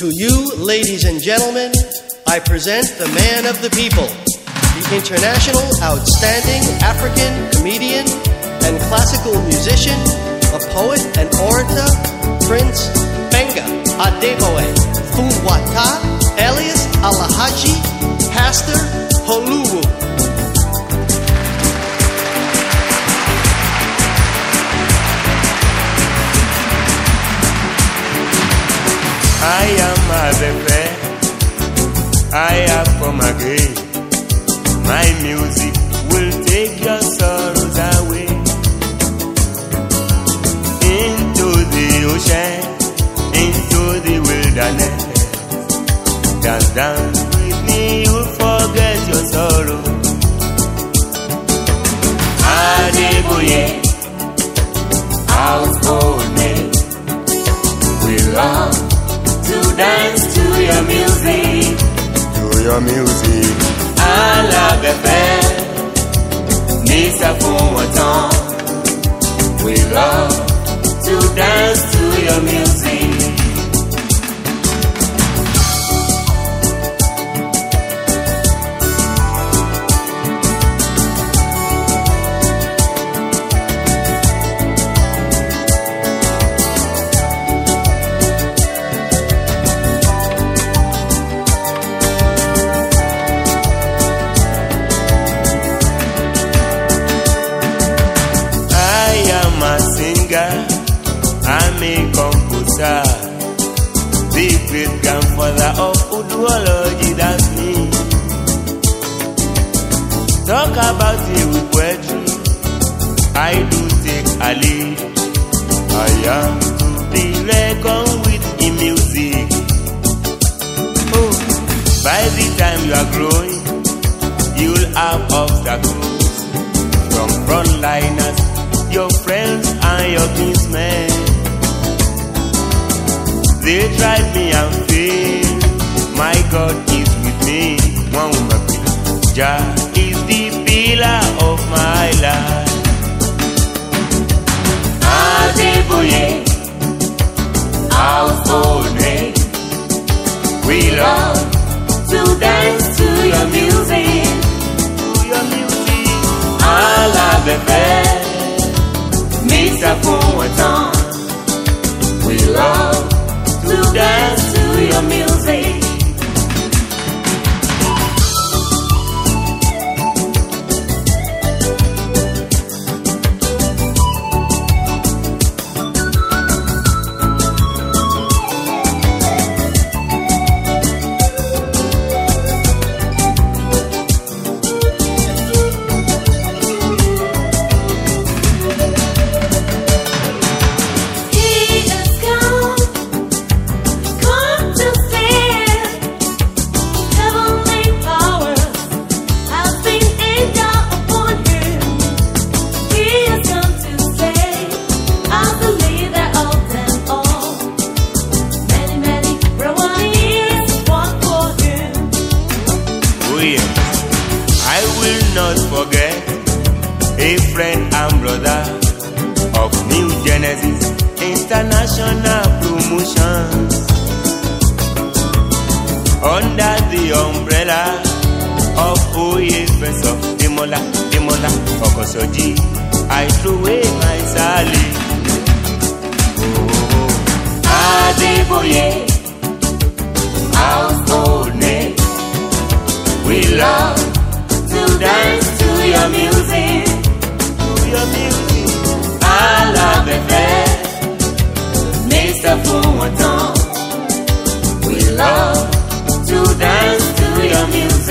To you, ladies and gentlemen, I present the man of the people, the international outstanding African comedian and classical musician, a poet and orator, Prince Benga Adeboe Fuwata, alias Alahaji, pastor, I am as a prayer. I have come again. My music will take your sorrows away into the ocean, into the wilderness. dance, dance. your music. Alábẹ́ fẹ́ ní sẹ́fún wọ̀tán. We love to dance to your music. of Uduology, that's me. Talk about it with poetry. I do take a lead. I am to be reckoned with in music. Oh, by the time you are growing, you'll have obstacles from frontliners, your friends, and your kinsmen. They tried me out. My God is with me. One Jah is the pillar of my life. Adeboye, household name. We love to dance to your music. To your music. Alabẹ̀fẹ̀ mi sá Mister ẹ̀tàn. We love to dance to your music.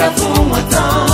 já vão atrás.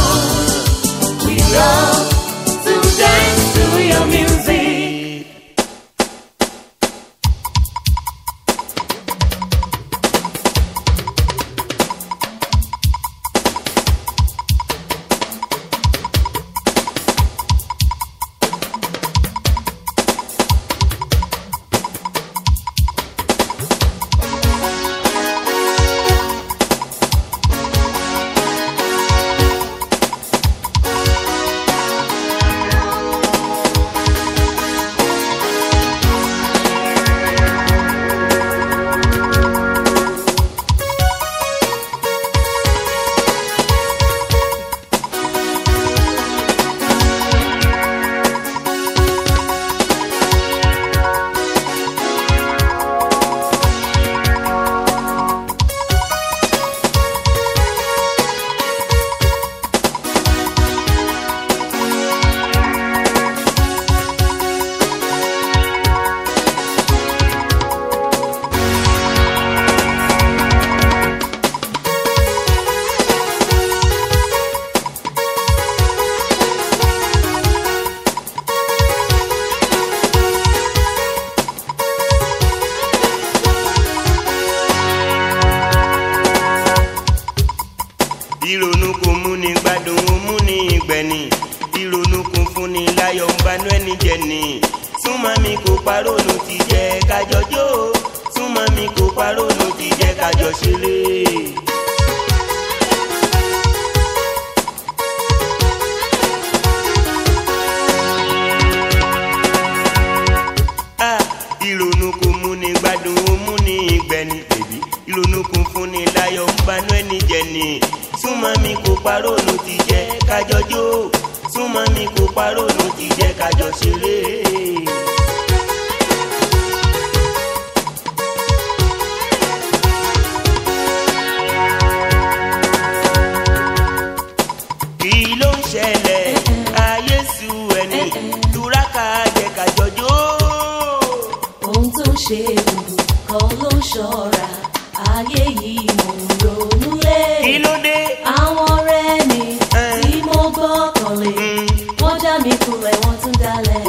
àbíkulẹ̀ wọ́n tún dalẹ̀.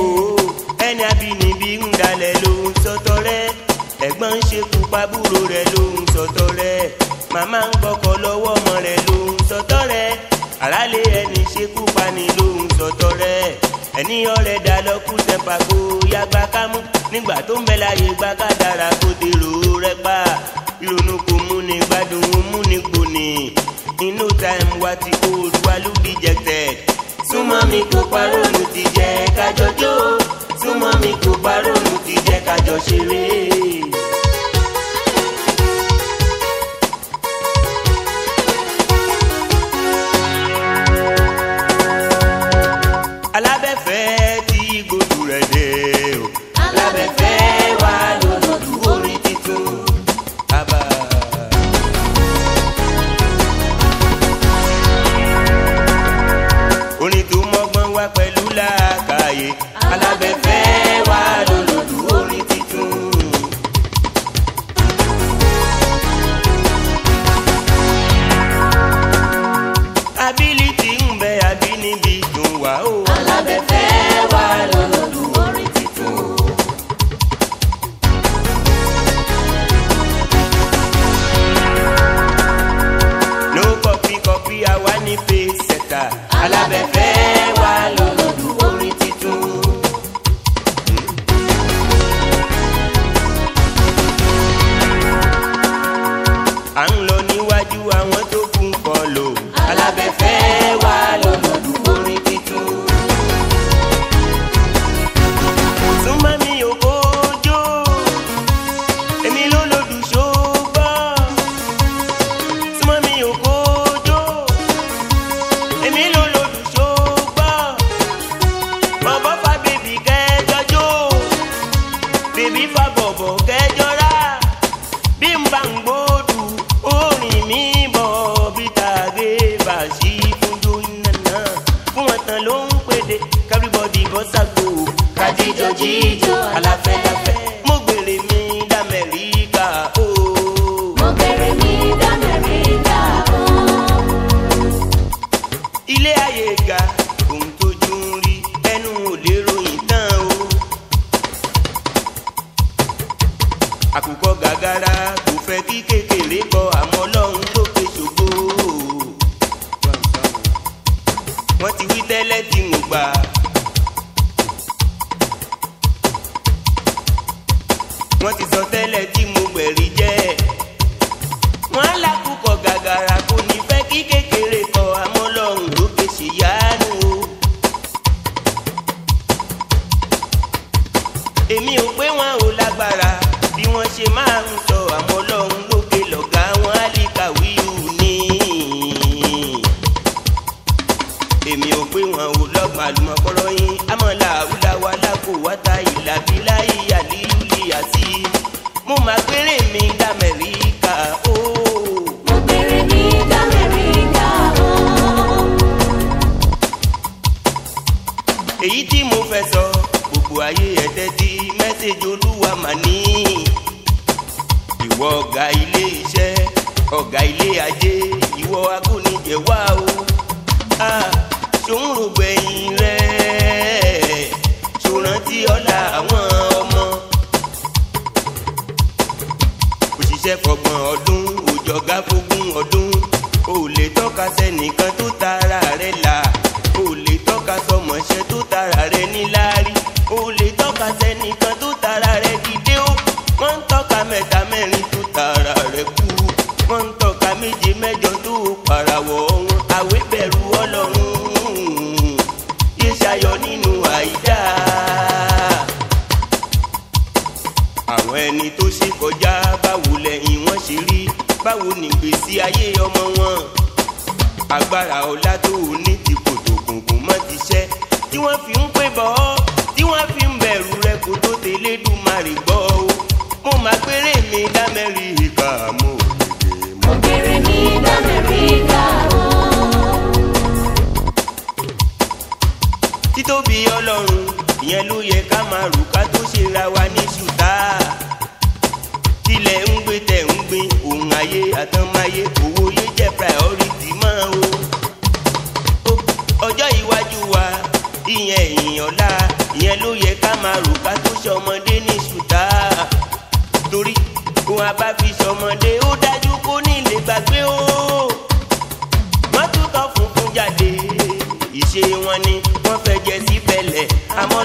ẹni abínibí ń dalẹ̀ lòun sọ́tọ̀ rẹ̀ ẹ̀gbọ́n ń ṣekú pàbúrò rẹ̀ lòun sọ́tọ̀ rẹ̀ màmá ń gbọ́kọ̀ lọ́wọ́ ọmọ rẹ̀ lòun sọ́tọ̀ rẹ̀ àrálé ẹni ṣekú pani lòun sọ́tọ̀ rẹ̀ ẹni ọ̀rẹ́ dá lọ́kù tẹ̀pà kó yá gba kámú nígbà tó ń bẹ láyé gba kádàrà kó dèrò rẹ̀ pa ìrònú kò múni gbádùn múni gbòní inú táìmù wa ti old wa ló dejected súnmọ́ mi kó parọ́ọ̀lù ti jẹ́ kájọ jó súnmọ́ mi kó parọ́ọ̀lù ti jẹ́ kájọ ṣeré. alábẹ́fẹ́ tí gbogbo rẹ̀ dé o. alábẹ́fẹ́. and èmi ò pé wọn ò lọ́gbọ̀n àlùmọ̀kọ́rọ́ yín amọ̀là awúláwá lákò wáta ìlàbílà ìyàlí lùlì àti mo máa gbére mi d'Amẹ́ríkà ó. mo gbére mi d'Amẹ́ríkà ó. èyí tí mo fẹ́ sọ gbogbo ayé ẹ̀ tẹ́tí mẹ́sẹ̀jì olúwa mà ní ìwọ ọ̀gá ilé iṣẹ́ ọ̀gá ilé ajé ìwọ agúnijẹ wá o. Ah sùúrù gbẹ̀yìn rẹ̀ ṣùrántí ọ̀la àwọn ọmọ. òṣìṣẹ́ fọgbọ̀n ọdún òjọ̀gá fógún ọdún ò lè tọ́ka sẹ́nìkan tó tara rẹ̀ là ò lè níláárí ò tọ́ka sẹ́nìkan tó tara rẹ̀. báwo nìgbésí ayé ọmọ wọn agbára ọlá tó o ní ti kú. ayé àtàmáyé owó lè jẹ́ priority máa o. ọjọ́ iwájú wa ìyẹn ẹ̀yìn ọ̀la ìyẹn ló yẹ ká máa rò ká tó ṣọmọdé ní ṣùtá. torí ohun abá fi ṣọmọdé ó dájú kó ní ilé gbàgbé o. mọ́tòkọ̀ funfun jáde ìṣe wọn ni wọ́n fẹ́ jẹ sí bẹ̀lẹ̀ àmọ́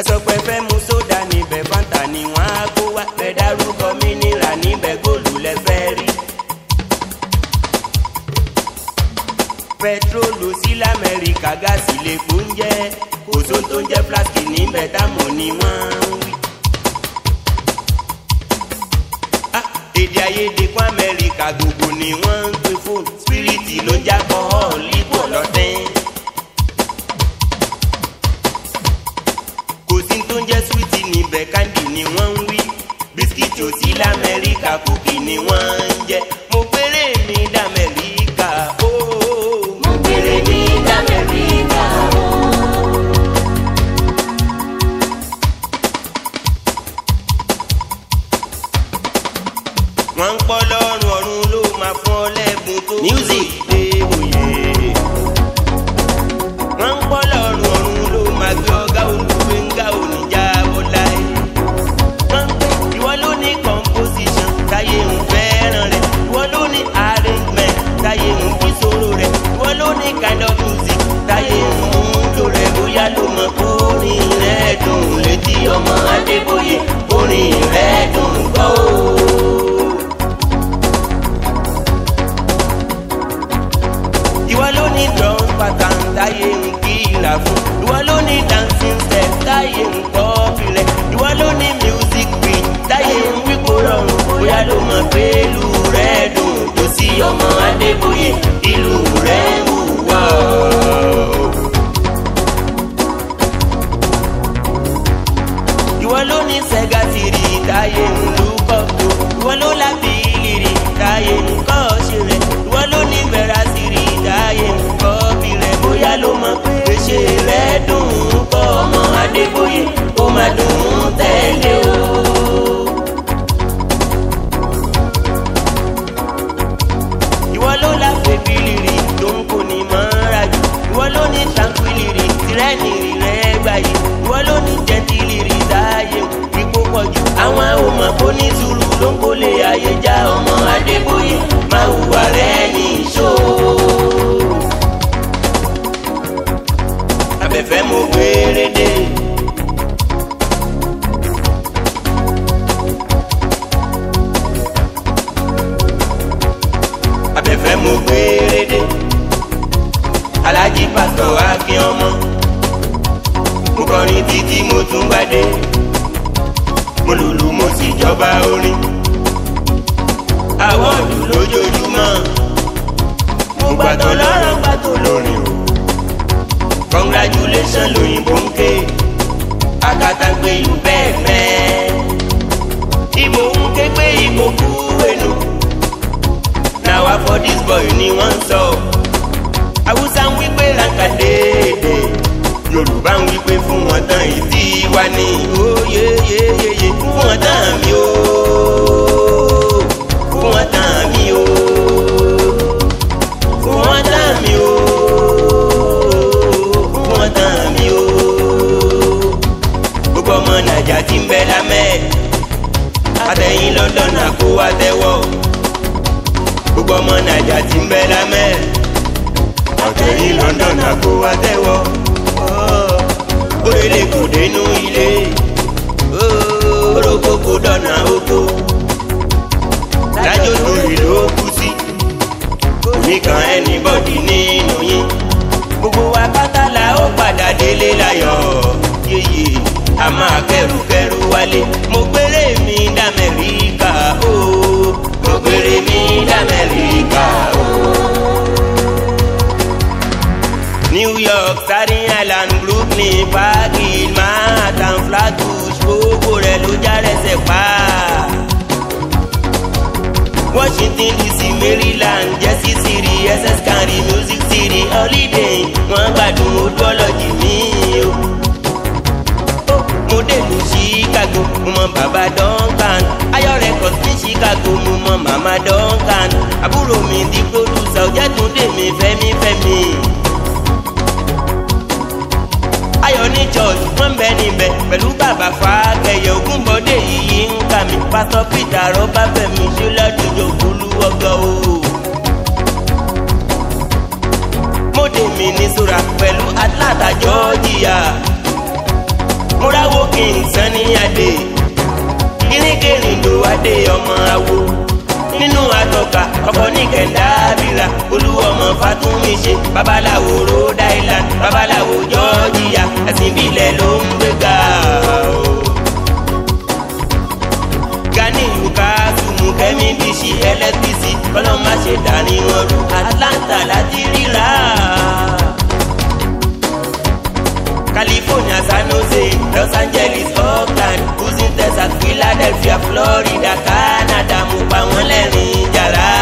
ẹ sọ pé fẹ́ mu ni wọ́n á kó wá bẹ̀ dárúkọ mi nílà níbẹ̀ góòlù lẹ fẹ́ rí. pẹtrólù sí lamẹ́ríkà gáàsì lè kó ń jẹ́ kò sóhun tó ń jẹ́ flask níbẹ̀ táwọn ni wọ́n ń wí. Ah, èdè àìyedè fún amẹ́ríkà gbogbo ni wọ́n ń pè fóònù spiriti ló ń jábọ̀ ọ́ lípò lọ́tẹ́ẹ́. ibẹ̀ kandi ni wọ́n ń wí bisikíìtì ò sí lamẹ́ríkà kòkì ni wọ́n ń jẹ mo péré ní damẹ́ríkà ó. mo péré ní damẹ́ríkà ó. wọ́n ń pọ́ lọ́rùn ọ̀run ló máa fọ́ lẹ́bùn tó. music orin rẹ̀ dùn létí ọmọ Adébóyè orin rẹ̀ dùn gbọ́ o. ìwọ ló ní drum pattern táyé ń kìlà fún music beat táyé ń wí kó rọrùn bóyá ló mọ̀ pé. a máa kẹrùkẹrù wálé mo gbére mi d'Amẹ́ríkà o mo gbére mi d'Amẹ́ríkà o. New York Staten Island Brooklyn Parkhill Manhattan Flatbush gbogbo rẹ̀ ló já pa. Washington DC Maryland Jersey City SS City Music City Holiday wọ́n gbádùn ojú mi o. Chicago mo mọ Duncan ayọ̀ records ní Chicago mo mọ màmá Duncan àbúrò mi di pólùsà ọjà tún dè mí fẹ́mi fẹ́mi. ayọ̀ ní church wọ́n bẹ níbẹ̀ pẹ̀lú bàbá fàákẹ́yẹ Ògúnbọ̀dé yìí ń kà mí pásọ Peter Ọbáfẹ́mi ṣe lọ́dún yòókù lọ́gọ́ o. mo dé mi ní sora pẹ̀lú Atlanta Georgia. mo ráwọ́ king Sunny Adé gírígírí ló wá dé ọmọ awo nínú àtọkà ọkọ ní kẹńdà abira olú ọmọ fatumi ṣe babaláwo Rhode Island babaláwo Georgia ẹsìn ìbílẹ̀ ló ń gbéga o. Gani Yukasu Mukemi Bishi ẹlẹ́tírísì ọlọ́mọ àṣẹ̀dá ni wọ́n rú Atlanta láti ríra. California, San Jose, Los Angeles, Oakland, Houston, Texas, Philadelphia, Florida, Canada, mo pa wọ́n lẹ́rìn-ín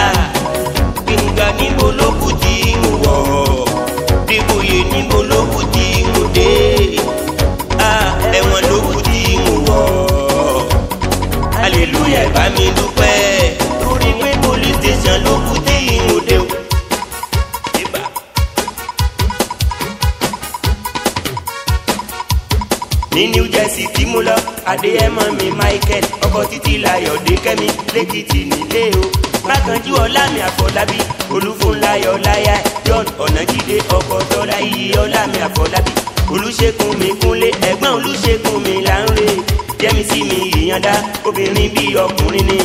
olúfúnlayọ̀dé kẹ́mi lẹ́kìtì nílé o mákànjú ọlámi àfọlábí olúfúnlayọ̀ láyà john ọ̀nàjídé ọkọ̀ tọ́lá iye ọlámi àfọlábí olùṣègùn mi kúnlé ẹ̀gbọ́n olùṣègùn mi là ń rè jẹ́misí mi ìyànda obìnrin bíi ọkùnrin ni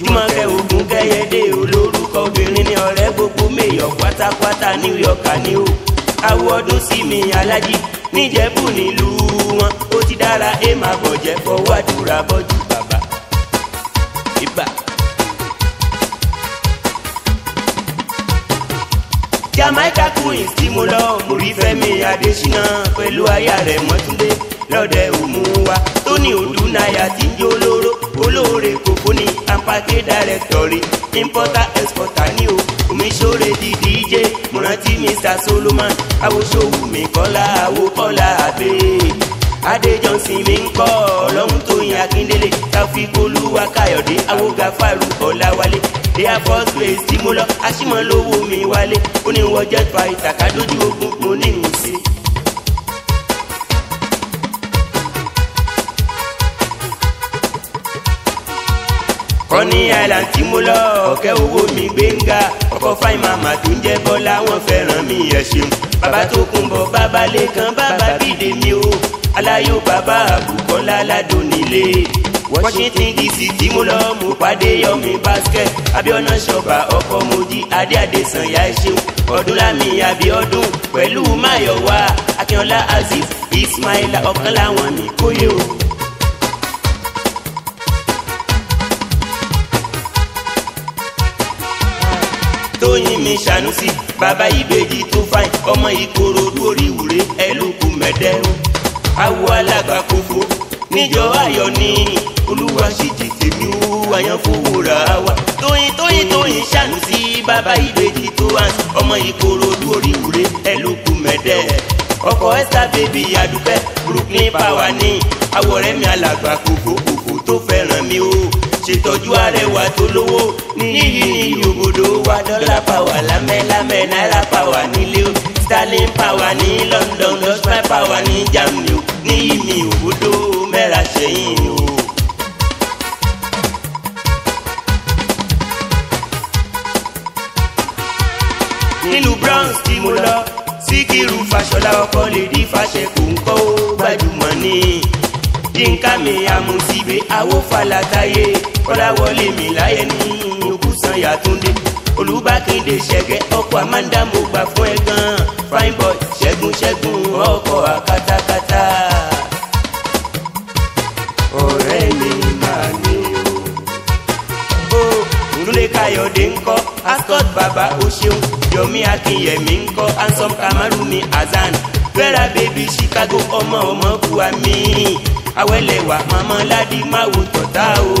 jùmọ̀kẹ́ ogun kẹ́yẹ́dé olórúkọ obìnrin ni ọ̀rẹ́ gbogbo mẹ́yọ̀ pátápátá new york ni o àwọ̀ ọdún sí mi alájí níjẹ̀bù nílùú wọn ó ti dára ẹ máa bọ̀jẹ̀ fọwọ́ àdúrà bọ́jú bàbá ibà. Jamaica Queen tí mo lọ mo rí Fẹ́mi Adésínà pẹ̀lú aya rẹ̀ Mọ́túndé lọ́dẹ òmùwà Tóní Odùnáyà tí ń jó lóró olóore kòkó ni ampake dàrẹ́tọ̀rì importer exporter ni o omiṣore di DJ mo rántí Mr Solomon awoṣowù mi kọ́lá àwòkọ́lá àbẹ́ẹ́ adéjọ́sìn mi ń kọ́ ọlọ́run tóyìn akíndélé káfíkólúwà káyọ̀dé awógáfàrú ọ̀làwálé they are place tí mo lọ aṣímọ̀lówó mi wálé ó ní wọ́n jẹ́ fa ìtàkádójú ogun mo ní ìsìn. kọ́ni island tí mo lọ ọ̀kẹ́ owó mi gbẹ̀ngà ọkọ̀ fáìn màmá tó ń jẹ́ bọ́lá wọn fẹ́ràn mi ẹ̀ ṣeun bàbá tó kún bọ̀ bàbá lẹ́kan bàbá bídè mi o aláyò bàbá àbùkọ́lá ládùn nílé washington dc tí mo lọ mú pàdé yọmi basket abiona ṣọba ọkọ mojí adé adésanya ṣeun ọdúnlami abiodun pẹ̀lú mayowa akínọlá aziz ismaila ọ̀kan láwọn mi kóyè o. tóyìn mi ṣànúsì bàbá ìbejì tó fàìn ọmọ ìkòròdú oríwúre ẹlòkù mẹdẹrùn awo alága kófó níjọ ayọ̀ ni olúwa ṣèjì tèmi ó àyànfowóra wa tóyin tóyin tóyin ṣàánú sí bàbá ìbejì tó wá ọmọ ìkòròdú oríwúre ẹ ló kú mẹ́dẹ́ ọkọ ẹ́sà bèbí adúpẹ́ brooklyn power ní awọ rẹ̀ mi alàgbà kófó kófó tó fẹ́ràn mi ó ṣètọ́jú arẹwà tó lówó níyì ní yòbòdò wa dọ́là pàwà lámẹ́lámẹ́ náírà pàwà nílé ó sterling pàwà ní london dutchman pàwà ní germany ó ní ìmì òbúdó mẹ́ra ṣẹ́yìn o. nílùú Bronx tí mo lọ Síkírù Fàṣọlá ọkọ lè di fàṣẹ kò ń kọ́ ó gbajúmọ̀ ní yínká mi àmùsíbe àwòfàlà táyé kọ́láwọlé mi láyé ní òkúsàn yàtúndé olùbákéde ṣẹ̀gẹ́ ọkọ̀ amanda mo gbà fún ẹ gan fine boy ṣẹ́gun ṣẹ́gun ọkọ̀ àkátákátá. káyọ̀dé ńkọ́ ascot baba o ṣeun yomi akinyemi ńkọ́ ansom kamarumi azan vera baby chicago ọmọ ọmọ kuwa mi mama mamaladi ma wò tọ̀tà o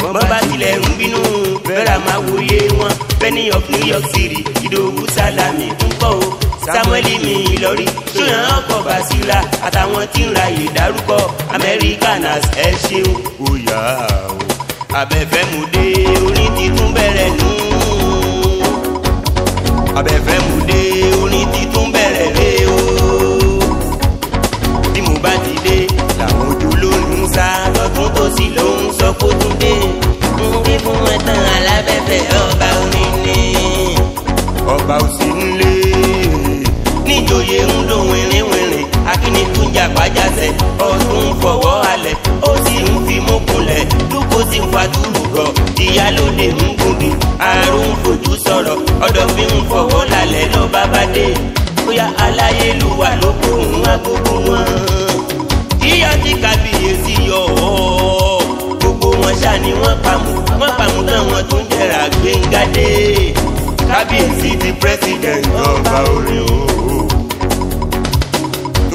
wọ́n bá tilẹ̀ ń bínú vera máa wòye wọn benny of new york city ìdòwú sálámì ńkọ́ o samueli mi ìlọrí ṣùgbọ́n ọkọ̀ basira àtàwọn tí ń ra ìdárúkọ americanas ẹ ṣeun ó o abẹ́fẹ́ mú dé orí titun bẹ̀rẹ̀ nù abẹ́fẹ́ fàdúrù rọ ìyálòde ń gòdì àrùn fojú sọ̀rọ̀ ọ̀dọ̀ fi ń fọwọ́ lálẹ́ lọ bàbá dé bóyá aláyélúwà ló kóhun agogo wọn. ìyá ti kàbíyèsí yọ ọ́ gbogbo wọn ṣá ni wọ́n pamọ́ wọ́n pamọ́ náà wọ́n tún jẹ́ra gbẹ̀ngàdé kábíyèsí di president ọba orí òwò.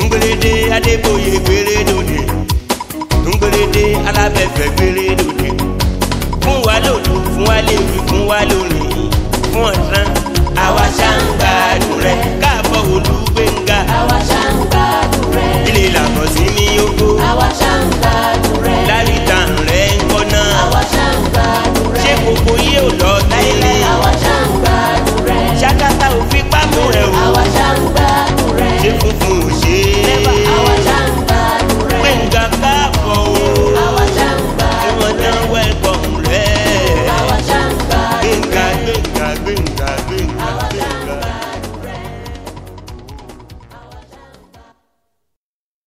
ngbèrèdè adébóyè gbèrèdòdè ngbèrèdè alábẹ̀fẹ̀ gbèrèdò fún wa lè wí fún wa lónìí fún ọ̀sán. àwa ṣá ń gbádùn rẹ. káàbọ̀ Olúgbénga. àwa ṣá ń gbádùn rẹ. ilé ìlànà sí ní oko. àwa ṣá ń gbádùn rẹ.